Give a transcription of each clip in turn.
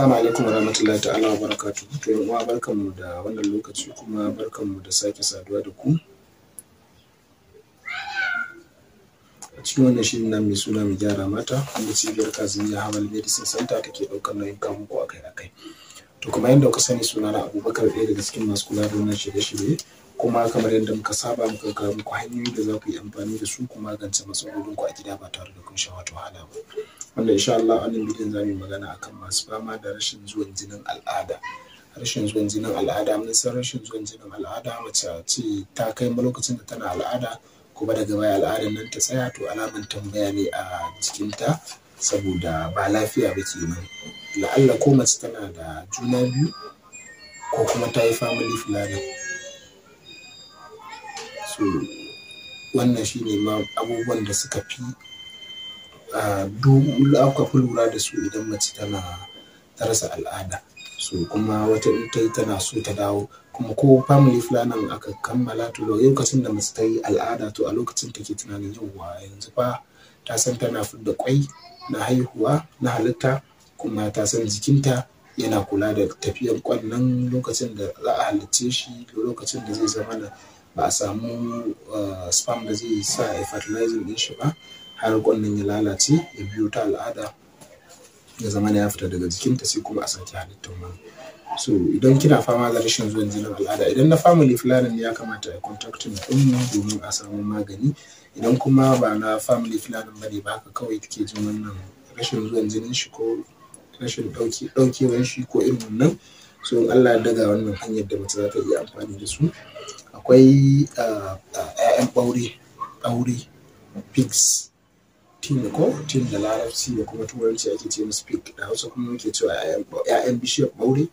Assalamu alaikum wa rahmatullahi ta'ala wa barakatu. To yawa barkanmu da wannan lokaci kuma barkanmu da sake saduwa da ku. A cikin wannan shirin na mai suna mai gyara mata wanda cibiyar Kazinja Hamal Medicine Center take ɗaukar nauyin kamun ku akai-akai. To kuma yadda kuka sani suna na Abubakar ɗaya daga cikin masu kula da wannan shirye-shirye kuma kamar yadda muka saba muka ga muku hanyoyi da za ku yi amfani da su ku magance matsalolin ku a gida ba tare da kun sha wata wahala ba wanda insha Allah wannan bidiyon za mu magana akan masu fama da rashin zuwan jinin al'ada rashin zuwan jinin al'ada mun san rashin zuwan jinin al'ada mace ce ta kai ma lokacin da tana al'ada kuma daga baya al'adar nan ta tsaya to alamun tambaya ne a jikinta saboda ba lafiya ba ke nan la'alla ko mace tana da juna biyu ko kuma ta yi family planning Hmm. wannan shi ne ma abubuwan da suka fi aka fi lura da su idan mace tana ta rasa al'ada so kuma wata in tana so ta dawo kuma ko family planning aka kammala to lokacin da mace ta yi al'ada to a lokacin take tunanin yauwa yanzu fa ta san tana da kwai na haihuwa na halitta kuma ta san jikinta yana kula da tafiyar kwannan lokacin da za a halicce shi lokacin da zai zama ba a samu eh, spam da zai sa a fertilizing din shi ba har kwannan ya lalace ya biyo ta al'ada ya zama ya fita daga jikinta sai kuma a sake halittar wani so idan kina fama da rashin zuwan jinin al'ada idan na family planning ya kamata a din mu domin a samu magani idan kuma ba na family planning bane ba haka kawai kike jin wannan rashin zuwan jinin shi ko rashin ɗaukewan shi ko irin wannan so in Allah ya daga wannan hanyar da mace za ta iya amfani da su akwai ƴaƴan ɓaure ɓaure pigs tin ko tin da larabci da kuma turanci ake ce musu pig da hausa kuma muke cewa ƴaƴan bishiyar ɓaure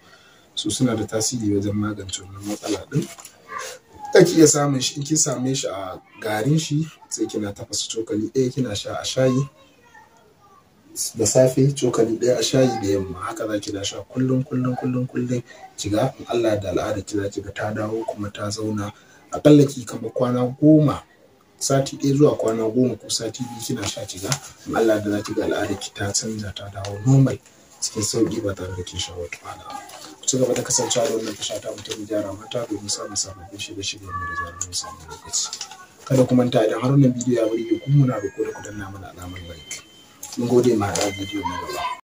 su suna da tasiri wajen magance wannan matsala ɗin ake iya samun shi in kin same shi a garin shi sai kina tafasa cokali ɗaya kina sha a shayi da safe cokali ɗaya a shayi da yamma haka za ki na sha kullum kullum kullum kullum kiga in Allah da al'ada ki za ki ga ta dawo kuma ta zauna akalla ki kama kwana goma sati ɗaya zuwa kwana goma ko sati biyu kina sha kiga in Allah da za ki ga al'ada ki ta canza ta dawo normal cikin sauƙi ba tare da kin sha wata wahala ba ci gaba da kasancewa da wannan tasha ta mutum gyara mata domin samun sababbin shirye shiga mu da zarar mun samu lokaci kada ku manta idan har wannan bidiyo ya bari ku muna roƙo da ku danna mana alamar like 你估计买来你就没有了。